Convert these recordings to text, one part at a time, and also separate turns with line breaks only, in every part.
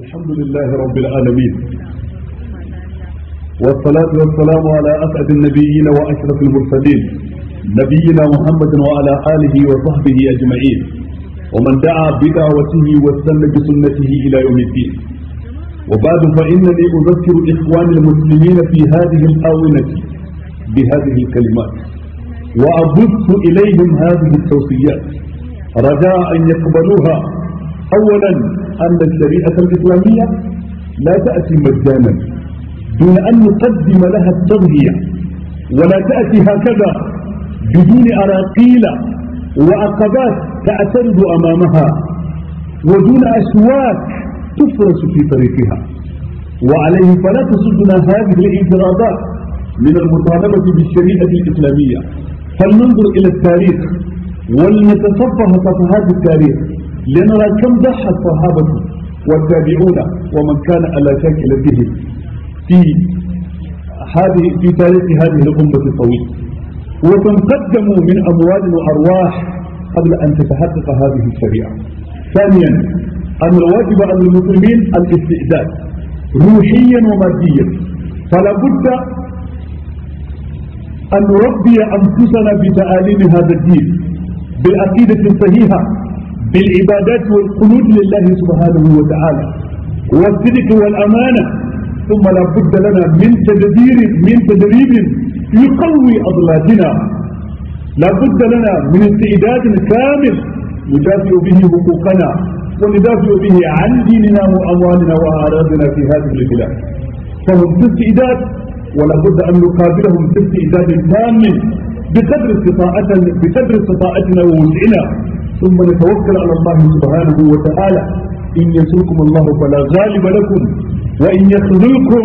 الحمد لله رب العالمين والصلاة والسلام على أسعد النبيين وأشرف المرسلين نبينا محمد وعلى آله وصحبه أجمعين ومن دعا بدعوته واستنى بسنته إلى يوم الدين وبعد فإنني أذكر إخواني المسلمين في هذه الآونة بهذه الكلمات وأبث إليهم هذه التوصيات رجاء أن يقبلوها أولا أن الشريعة الإسلامية لا تأتي مجانا دون أن نقدم لها التضحية ولا تأتي هكذا بدون أراقيل وعقبات تعترض أمامها ودون أسواك تفرس في طريقها وعليه فلا تصدنا هذه الانفرادات من المطالبة بالشريعة الإسلامية فلننظر إلى التاريخ ولنتصفح صفحات التاريخ لنرى كم ضحى الصحابة والتابعون ومن كان على به في هذه في تاريخ هذه الأمة الطويل وكم قدموا من أموال وأرواح قبل أن تتحقق هذه الشريعة ثانيا أن الواجب على المسلمين الاستعداد روحيا وماديا فلا بد أن نربي أنفسنا بتعاليم هذا الدين بالعقيدة الصحيحة بالعبادات والقنوت لله سبحانه وتعالى والصدق والأمانة ثم لا بد لنا من تدبير من تدريب يقوي أضلاتنا لا بد لنا من استعداد كامل ندافع به حقوقنا وندافع به عن ديننا وأموالنا وأعراضنا في هذه البلاد فهم في استعداد ولا بد أن نقابلهم في استعداد تام بقدر استطاعتنا بقدر استطاعتنا ووسعنا ثم نتوكل على الله سبحانه وتعالى إن يسركم الله فلا غالب لكم وإن يخذلكم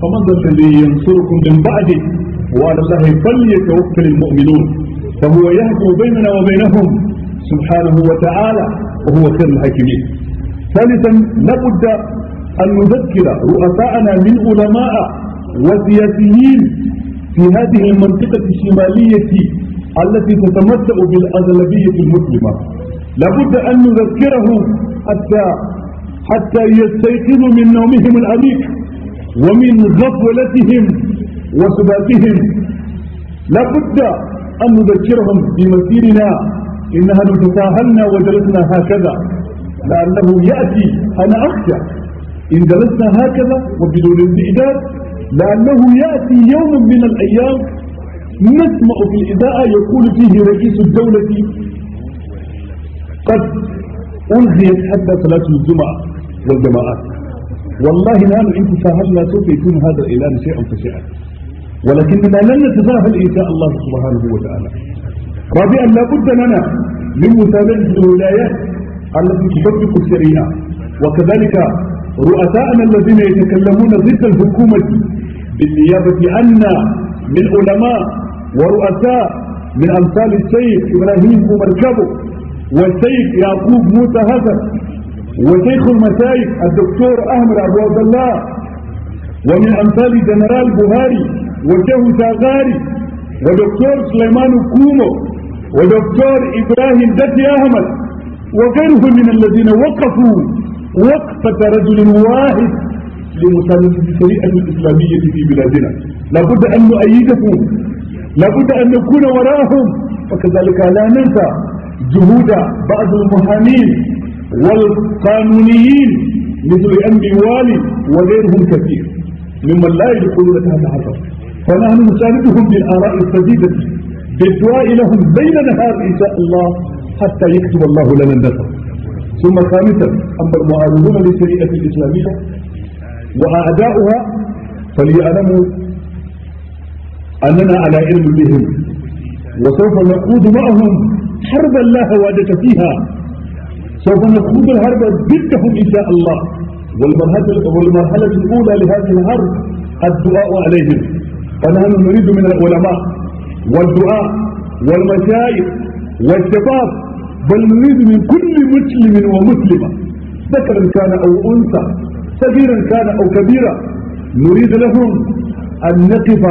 فمن ذا الذي ينصركم من بعده وعلى الله فليتوكل المؤمنون فهو يحكم بيننا وبينهم سبحانه وتعالى وهو خير الحاكمين ثالثا لابد أن نذكر رؤساءنا من علماء وسياسيين في هذه المنطقة الشمالية التي تتمتع بالأغلبية المسلمة لابد أن نذكره حتى حتى يستيقظوا من نومهم العميق ومن غفلتهم وسباتهم لابد أن نذكرهم بمسيرنا إنها لو تساهلنا وجلسنا هكذا لأنه يأتي أنا أخشى إن جلسنا هكذا وبدون استئداد لأنه يأتي يوم من الأيام نسمع في الإذاعة يقول فيه رئيس الدولة قد أنهيت حتى صلاة الجمعة والجماعات والله الآن إن تساهلنا سوف يكون هذا الإعلان شيئا فشيئا ولكننا لن نتساهل إن شاء الله سبحانه وتعالى رابعا لا بد لنا من متابعة الولايات التي تطبق الشريعة وكذلك رؤساءنا الذين يتكلمون ضد الحكومة بالنيابة عنا من علماء ورؤساء من أمثال الشيخ إبراهيم ومركبه والشيخ يعقوب موسى هزر وشيخ المشايخ الدكتور أحمد أبو عبد الله ومن أمثال جنرال بوهاري وشيخ شاغاري ودكتور سليمان كومو ودكتور إبراهيم دتي أحمد وغيرهم من الذين وقفوا وقفة رجل واحد لمساندة الشريعة الإسلامية في بلادنا لابد أن نؤيدكم لابد أن نكون وراءهم وكذلك لا ننسى جهود بعض المحامين والقانونيين مثل أمر والي وغيرهم كثير ممن لا يدخلون تحت حصر فنحن نساندهم بالآراء السديدة بالدعاء لهم بين نهار إن شاء الله حتى يكتب الله لنا النصر ثم خامسا أما المعارضون للشريعة الإسلامية وأعداؤها فليعلموا أننا على علم بهم وسوف نقود معهم حربا لا هوادة فيها سوف نقود الحرب ضدهم إن شاء الله والمرحلة, والمرحلة الأولى لهذه الحرب الدعاء عليهم فنحن نريد من العلماء والدعاء والمشايخ والشباب بل نريد من كل مسلم ومسلمة ذكرا كان أو أنثى صغيرا كان أو كبيرا نريد لهم أن نقف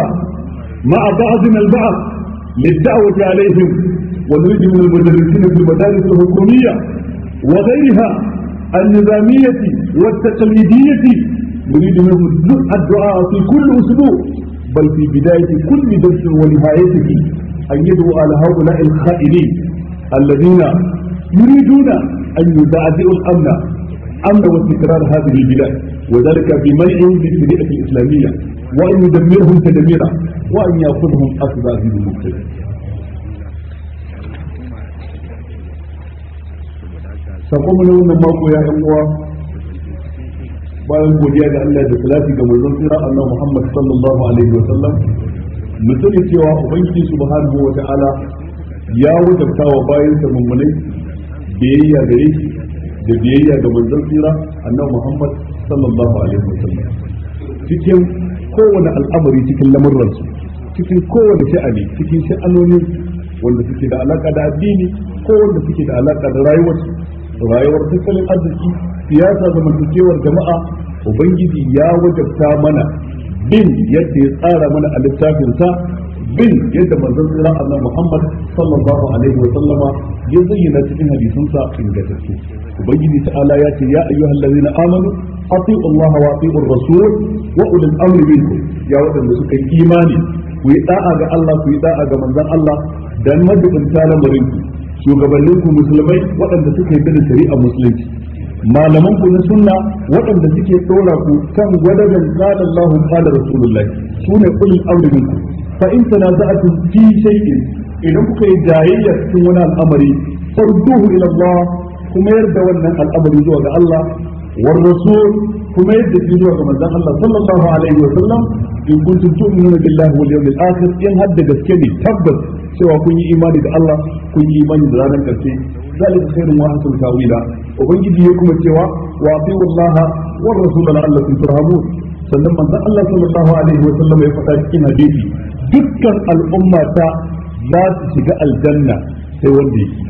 مع بعضنا البعض للدعوة عليهم ونريد من المدرسين في المدارس الحكومية وغيرها النظامية والتقليدية نريد منهم الدعاء في كل أسبوع بل في بداية كل درس ونهايته أن يدعو على هؤلاء الخائنين الذين يريدون أن يدعزئوا الأمن أمن واستقرار هذه البلاد وذلك بمنعهم للشريعة الإسلامية وأن يدمرهم تدميرا وأن يأخذهم أخذ في المبتدع sakon na wannan mako ya yan uwa bayan godiya ga Allah da salati ga manzon tsira Allah Muhammad sallallahu alaihi wa sallam mutum cewa ubangiji subhanahu wa ta'ala ya wajabta wa bayan sa mummunai biyayya gare shi da biyayya ga manzon tsira Allah Muhammad sallallahu alaihi wa sallam cikin kowane al'amari cikin lamurransu cikin kowane sha'ani cikin sha'anoni wanda suke da alaka da addini ko wanda suke da alaka da rayuwarsu rayuwar tattalin arziki siyasa zamantakewar jama'a ubangiji ya wajabta mana bin yadda ya tsara mana a littafinsa bin yadda manzon tsira annabi Muhammad sallallahu alaihi wa sallama ya zayyana cikin hadisansa ingantattu ubangiji ta'ala ya ce ya ayyuhallazina amanu أطيعوا الله وأطيعوا الرسول وأولي الأمر منكم يا ودن سكي إيماني ويطاعة الله ga من Allah da دان مجد انتالا مرنكم shugabanninku musulmai waɗanda suka yi da a musulunci malaman ku na sunna waɗanda suke tsora ku kan gwadagan qala Allahu qala Rasulullah sune ulul amri minku fa in tanaza'tum fi shay'in idan kuka yi jayayya cikin wani al'amari farduhu ila Allah kuma yarda wannan al'amarin zuwa ga Allah war rasul kuma yadda shi zuwa ga manzon Allah sallallahu alaihi wa sallam in kuntum tu'minuna billahi wal yawmil akhir in hadda gaske ne tabbas cewa kun yi imani da Allah kun yi imani da ranar karshe zalika khairun wa hasan tawila ubangiji ya kuma cewa wa atiu Allah war sannan manzon Allah sallallahu alaihi wa sallam ya faɗa cikin hadisi dukkan al'umma ta za su shiga aljanna sai wanda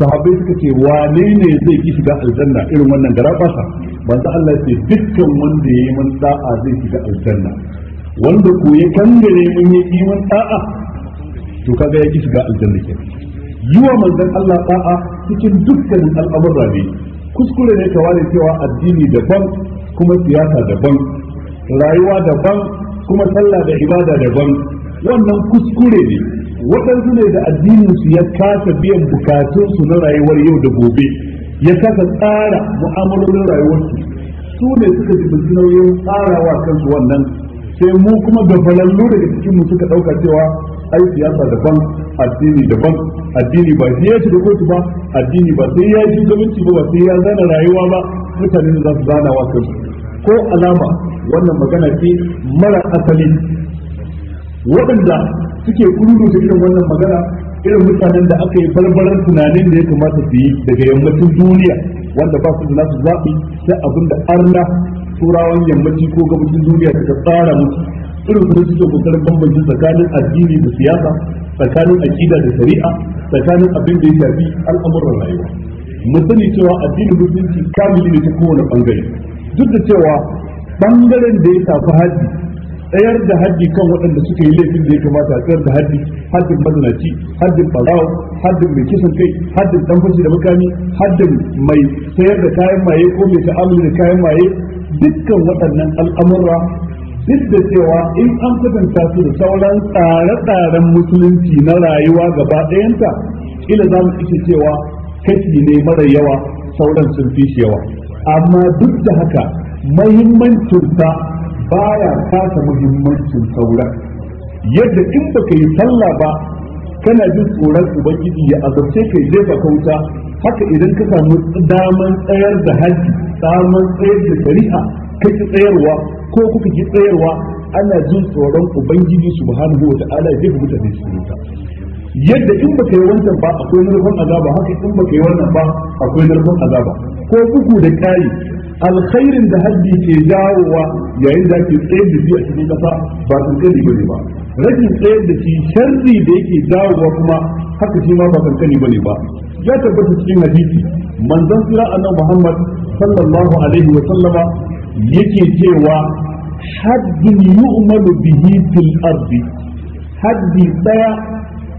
sahabbai suka ce wane ne zai ki shiga aljanna irin wannan gara basa banza Allah ce dukkan wanda yayi mun da'a zai shiga aljanna wanda ko ya kangare mun yi mun da'a to kaga ya ki shiga aljanna ke yiwa manzon Allah da'a cikin dukkan al'amura ne kuskure ne ka ware cewa addini daban kuma siyasa daban rayuwa daban kuma sallah da ibada daban wannan kuskure ne waɗansu ne da addininsu ya kasa biyan bukatunsu na rayuwar yau da gobe ya kasa tsara mu'amalolin rayuwarsu su ne suka ji nauyin tsarawa kansu wannan sai mu kuma da falallu daga cikin mu suka ɗauka cewa ai siyasa daban addini daban addini ba sai ya shiga kotu ba addini ba sai ya shiga gabanci ba sai ya zana rayuwa ba mutane da za su zana wa kansu ko alama wannan magana ce mara asali waɗanda suke kururu da irin wannan magana irin mutanen da aka yi barbaran tunanin da ya kamata su yi daga yammacin duniya wanda ba su da nasu zaɓi sai abin da arna turawan yammaci ko gabashin duniya suka tsara musu irin su suke kokarin bambanci tsakanin addini da siyasa tsakanin aƙida da shari'a tsakanin abin da ya shafi al'amuran rayuwa mu sani cewa addinin mutunci kamili ne ta kowane bangare duk da cewa bangaren da ya tafi haji tsayar da haddi kan waɗanda suka yi laifin da ya kamata a tsayar da haddi haddin mazinaci haddin barawo haddin mai kisan kai haddin dan fashi da mukami, haddin mai sayar da kayan maye ko mai ta'amuli da kayan maye dukkan waɗannan al'amura duk da cewa in an kwatanta su da sauran tsare-tsaren musulunci na rayuwa gaba ɗayanta ila za mu iya cewa kashi ne mara yawa sauran sun fi yawa amma duk da haka mahimmancin ta baya kasa muhimmancin saura yadda in baka yi sallah ba kana jin tsoron ubangiji ya azabce kai jefa kauta haka idan ka samu daman tsayar da haji daman tsayar da shari'a kake tsayarwa ko kuka ki tsayarwa ana jin tsoron ubangiji subhanahu wa ta'ala zai jefa mutane su yadda in baka yi wannan ba akwai nufin azaba haka in baka yi wannan ba akwai nufin azaba ko bugu da kari alkhairin da haddi ke jawowa yayin da ake tsayar da shi a cikin kasa ba kankani bane ba rashin tsayar da shi sharri da yake jawowa kuma haka shi ma ba kankani bane ba ya tabbata cikin hadisi manzon sura annabi Muhammad sallallahu alaihi wa sallama yake cewa haddun yu'malu bihi fil ardi haddi daya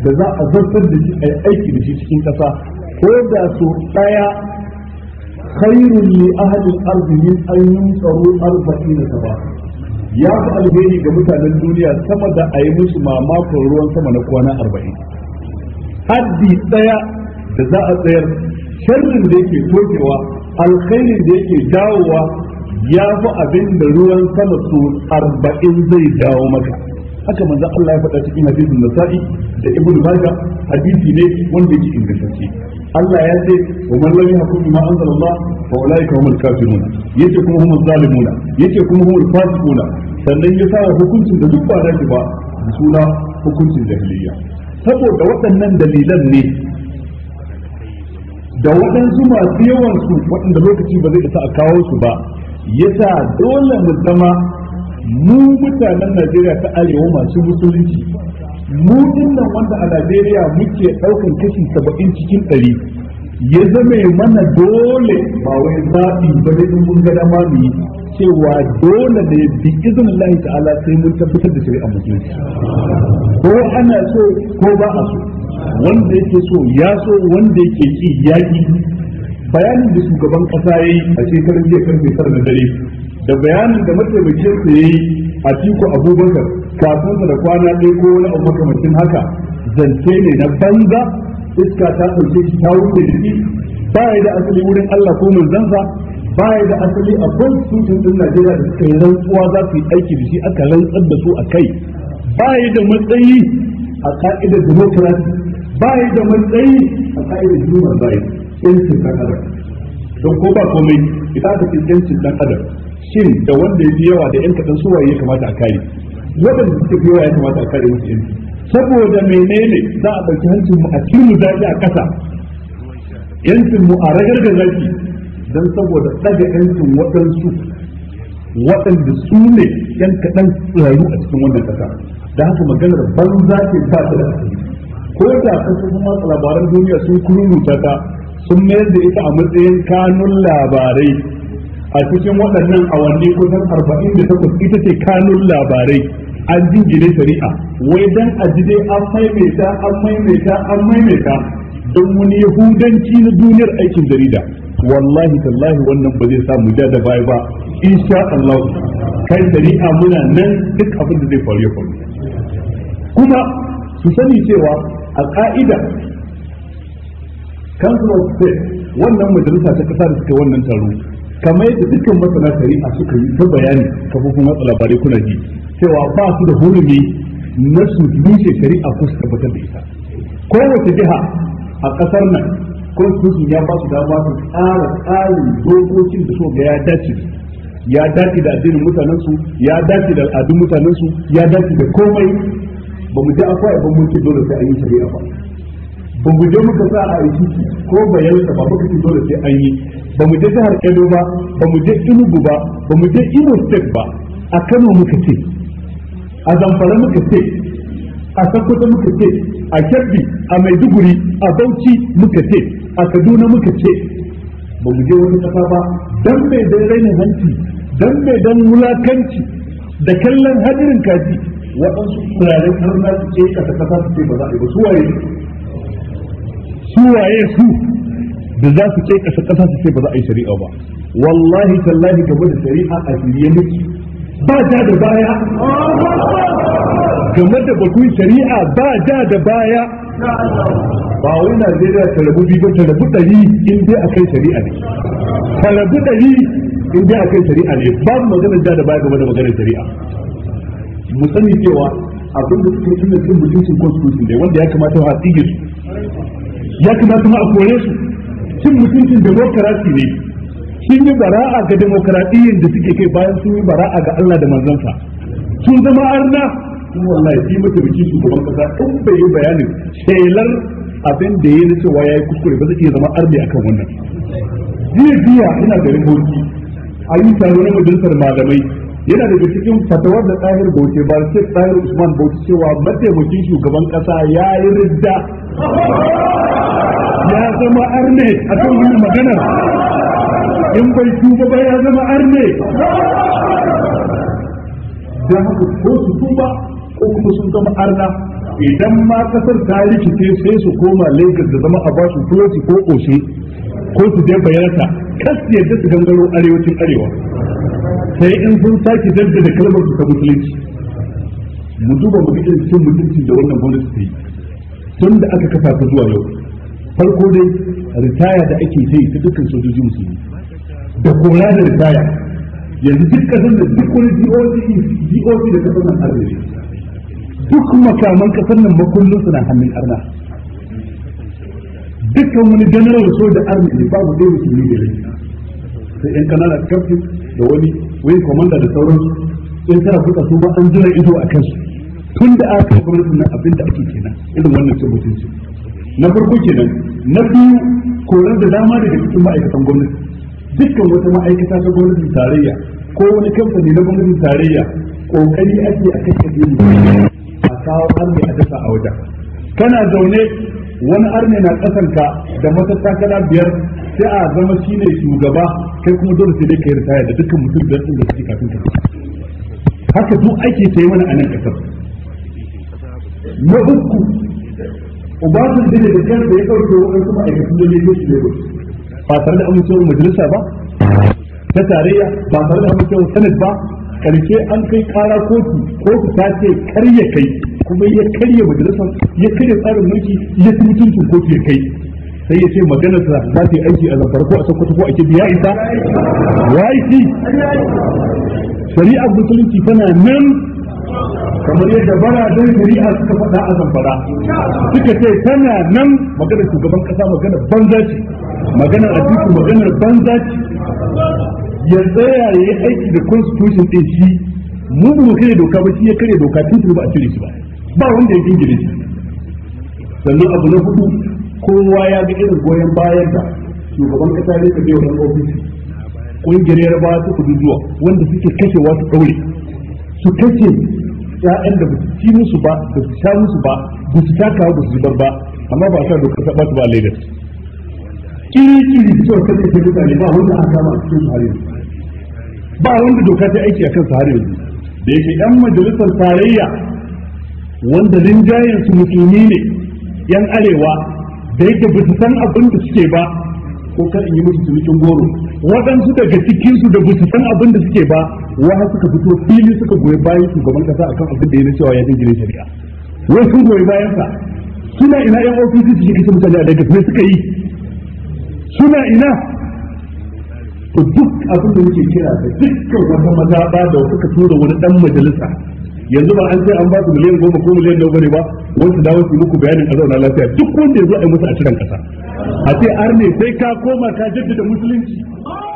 da za a zartar da shi a aiki da shi cikin kasa ko da su daya khairun li ahli al-ard min an yunsaru 40 sabah ya fi alheri ga mutanen duniya sama da a yi musu mamakon ruwan sama na kwana arba'in haddi ɗaya da za a tsayar sharrin da yake tokewa alkhairin da yake dawowa ya fi abin da ruwan sama su arba'in zai dawo maka haka manzo Allah ya faɗa cikin hadisin Nasa'i da Ibn Majah hadisi ne wanda yake ingantacce Allah ya ce wa man lam yahkum bima anzalallah fa ulaika humul kafirun yace kuma humul zalimuna yace kuma humul fasiquna sannan ya sa hukuncin da duk ba da ba suna hukuncin jahiliya saboda waɗannan dalilan ne da waɗansu masu yawan su waɗanda lokaci ba zai da a kawo su ba yasa dole mu zama mu mutanen Najeriya ta arewa masu musulunci mu dinnan wanda a Najeriya muke daukan kashi 70 cikin ɗari ya zame mana dole ba wai zaɓi ba ne mun ga dama mu cewa dole ne bi izinin Allah ta'ala sai mun tabbatar da shari'a musulunci ko ana so ko ba a so wanda yake so ya so wanda yake ki ya ki bayanin da shugaban kasa yayi a shekarar jiya karfe 9 na dare da bayanin da mataimakin sa yayi a Tiko Abubakar kafin da kwana ɗaya ko wani abu makamacin haka zance ne na banza iska ta ɗauke shi ta wuce da shi ba ya da asali wurin Allah ko manzansa ba ya da asali a constitution din Najeriya da suka yi rantsuwa za su yi aiki da shi aka rantsar da su a kai ba ya da matsayi a ka'idar democracy ba ya da matsayi a ka'idar human rights yancin ɗan adam don ko ba komai idan aka ce yancin ɗan adam shin da wanda ya fi yawa da yan kaɗan su waye ya kamata a kare waɗanda suke fi ya kamata a kare musu saboda menene za a ɗauki hancin mu a cikin zaki a ƙasa yancin mu a ragar da zaki don saboda ɗaga yancin waɗansu waɗanda su ne yan kaɗan tsirayu a cikin wannan ƙasa da haka maganar banza ce ba ta da asali ko da sun kuma labaran duniya sun kururuta ta sun mayar da ita a matsayin kanun labarai a cikin waɗannan awanni kusan arba'in da takwas ita ce kanun labarai an jingine shari'a wai dan a ji dai an maimaita an maimaita an maimaita don wani yahudanci na duniyar aikin jarida wallahi tallahi wannan ba zai samu ja da baya ba insha Allah kai shari'a muna nan duk abin da zai faru ya faru kuma su sani cewa a ka'ida council of wannan majalisa ta kasa da suka wannan taro kamar yadda dukkan masana shari'a suka yi ta bayani kafofin watsa labarai kuna ji cewa ba su da hurumi na su rushe shari'a ko su tabbatar da ita kowace jiha a kasar nan constitution ya ba su dama su tsara tsarin dokokin da so ga ya dace ya dace da addinin mutanensu ya dace da al'adun mutanensu ya dace da komai ba mu ji akwai ban mun ce dole sai an yi shari'a ba ba mu je muka sa a yi ko bayansa ba muka ce dole sai an yi ba mu je jihar Edo ba ba mu je inugu ba ba mu je Imo State ba a Kano muka ce a Zamfara muka ce a sakkwata muka ce a Kebbi a Maiduguri a Bauchi muka ce a Kaduna muka ce ba mu je wani kasa ba dan mai dan rainin hanci dan mai dan wulakanci da kallon hadirin kaji waɗansu turaren har na su ce kasa kasa su ce ba za a yi ba su waye su da za su ce kasa kasa su ce ba za a yi shari'a ba wallahi tallahi game da shari'a a shirye miki ba ja da baya game da batun shari'a ba ja da baya ba wai Najeriya ta rabu biyu ta rabu ɗari in dai akan shari'a ne ta rabu ɗari in dai akan shari'a ne babu magana ja da baya game da maganar shari'a mu sani cewa abin da suke cikin mutuncin constitution ne wanda ya kamata a tsige su ya kamata ma a kore su cin mutuncin demokarasi ne sun yi bara'a ga demokaradiyyar da suke kai bayan sun yi bara'a ga Allah da manzansa sun zama arna sun wallahi shi mataimakin shugaban kasa in bai yi bayanin shelar abin da ya na cewa ya yi kuskure ba zai iya zama arni kan wannan jiya jiya ina garin boki a yi taro na majalisar malamai yana daga cikin fatawar da tsahir bauchi ba sai tsahir usman bauchi cewa mataimakin shugaban kasa ya yi ridda ya zama arne a kan wannan maganar in bai tuba ba ya zama arne da haka ko su tuba ko kuma sun zama arna idan ma kasar ta rikice sai su koma Lagos da zama a basu Fuloti ko Oshe ko su je bayanata kas yadda su gangaro arewacin arewa sai in sun sake jaddada kalmar su ta musulunci mu duba mu ga irin cin mutunci da wannan gwamnati ta yi tun da aka kafa ta zuwa yau farko dai ritaya da ake sai ta dukkan sojoji musulmi da kora da ritaya yanzu duk kasar da duk wani DOD da kasar nan arna ne duk makaman kasar nan makullin suna hannun arna dukkan wani general soja arna ne babu ɗaya musulmi da rai sai yan kanada kafin da wani wani komanda da sauransu in tara kuka su ba an jira ido a kansu tun da aka gwamnatin nan abin da ake kenan irin wannan cin mutunci na farko kenan na biyu koran da dama daga cikin ma'aikatan gwamnati dukkan wata ma'aikata ta gwamnatin tarayya ko wani kamfani na gwamnatin tarayya kokari ake a kashe biyu a kawo arni a dasa a wajen kana zaune wani arme na kasanka da matattakala biyar sai a zama shi ne shugaba kai kuma dole sai dai ka yi ritaya da dukkan mutum biyar da suke kafin ka haka duk ake ta yi mana a nan kasar na uku ubatul dini da kansa ya ɗauke waɗansu ma'aikatan da lagos lagos ba tare da amincewar majalisa ba ta tarayya ba tare da amincewar sanad ba karshe an kai kara kotu kotu ta ce karya kai kuma ya karya majalisa ya karya tsarin mulki ya ci mutuncin kotu ya kai sai ya ce maganarsa za ta yi aiki a zamfara ko a sokoto ko a kibi ya isa ya yi shari'ar musulunci tana nan kamar yadda bara don shari'a suka faɗa a zamfara suka ce tana nan maganar shugaban kasa maganar banza ce maganar abinci, maganar banza ce ya tsaya ya yi aiki da constitution ɗin shi mu ba mu kare doka ba shi ya kare doka tun ba a cire shi ba ba wanda ya gingire shi sannan abu na hudu kowa ya ga irin goyon bayan da shugaban kasa ne ka biyo wannan ofisi kungiyar su kudu zuwa wanda suke kashewa su ɗaure su kashe ƴaƴan da basu ci musu ba da su sha musu ba da su taka ba su zubar ba amma ba sa dokar ta ba Lagos kiri kiri su kawai kake mutane ba wanda aka kama a cikin sahari ba wanda doka ta aiki akan sahari yanzu da yake yan majalisar tarayya wanda rinjayen su musulmi ne yan arewa da yake bisa san abin da suke ba ko kar in yi musu cinikin goro waɗansu daga cikinsu da ba su san abin da suke ba wa suka fito fili suka goyi bayan shugaban kasa akan abin da ya na cewa ya dangire shari'a wai sun goyi bayansa suna ina yan ofishi su kashe mutane a daga sai suka yi suna ina to duk abin da yake kira da dukkan wata mazaɓa da suka tura wani ɗan majalisa yanzu ba an sai an ba su miliyan goma ko miliyan nawa ne ba wasu dawo su muku bayanin a zauna lafiya duk wanda ya zo a yi musu a cikin kasa a ce arne sai ka koma ka jaddada musulunci